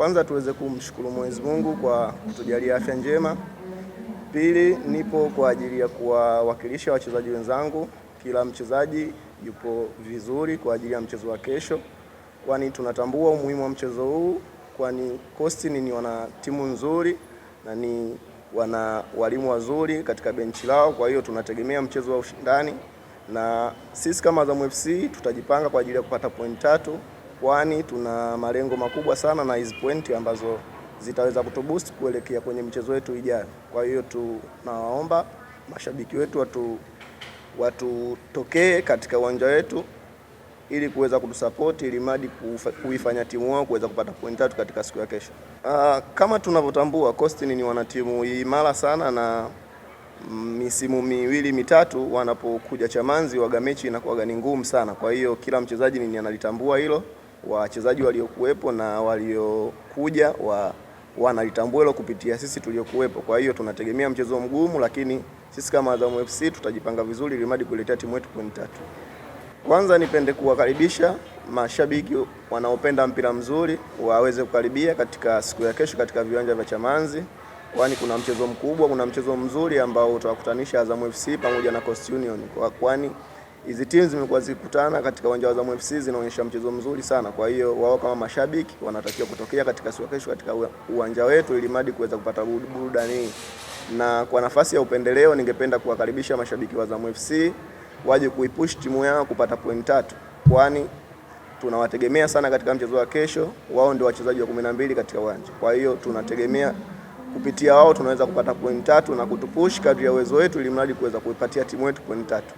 Kwanza tuweze kumshukuru Mwenyezi Mungu kwa kutujalia afya njema. Pili, nipo kwa ajili ya kuwawakilisha wachezaji wenzangu. Kila mchezaji yupo vizuri kwa ajili ya mchezo wa kesho, kwani tunatambua umuhimu wa mchezo huu, kwani Coastal ni wana timu nzuri na ni wana walimu wazuri katika benchi lao. Kwa hiyo tunategemea mchezo wa ushindani, na sisi kama Azam FC tutajipanga kwa ajili ya kupata point tatu kwani tuna malengo makubwa sana na hizi pointi ambazo zitaweza kutuboost kuelekea kwenye michezo yetu ijayo. Kwa hiyo tunawaomba mashabiki wetu watu watutokee katika uwanja wetu ili kuweza kutusapoti ili madi kuifanya timu wao kuweza kupata point tatu katika siku ya kesho. Uh, kama tunavyotambua Costin ni wanatimu imara sana na misimu miwili mitatu wanapokuja Chamanzi waga mechi inakuwa ni ngumu sana. Kwa hiyo kila mchezaji ni analitambua hilo wachezaji waliokuwepo na waliokuja wa wanalitambua hilo kupitia sisi tuliokuwepo. Kwa hiyo tunategemea mchezo mgumu, lakini sisi kama Azam FC tutajipanga vizuri ili madi kuletea timu yetu pointi tatu. Kwanza nipende kuwakaribisha mashabiki wanaopenda mpira mzuri waweze kukaribia katika siku ya kesho katika viwanja vya Chamazi, kwani kuna mchezo mkubwa, kuna mchezo mzuri ambao utawakutanisha Azam FC pamoja na Coast Union, kwani hizi timu zimekuwa zikikutana katika uwanja wa Azam FC zinaonyesha mchezo mzuri sana. Kwa hiyo wao kama mashabiki wanatakiwa kutokea katika siku kesho katika uwanja wetu ili madi kuweza kupata burudani hii. Na kwa nafasi ya upendeleo, ningependa kuwakaribisha mashabiki wa Azam FC waje kuipush timu yao kupata point tatu, kwani tunawategemea sana katika mchezo wa kesho. Wao ndio wachezaji wa 12 katika uwanja, kwa hiyo tunategemea kupitia wao tunaweza kupata point tatu na kutupush kadri ya uwezo wetu, ili mradi kuweza kuipatia timu yetu point tatu.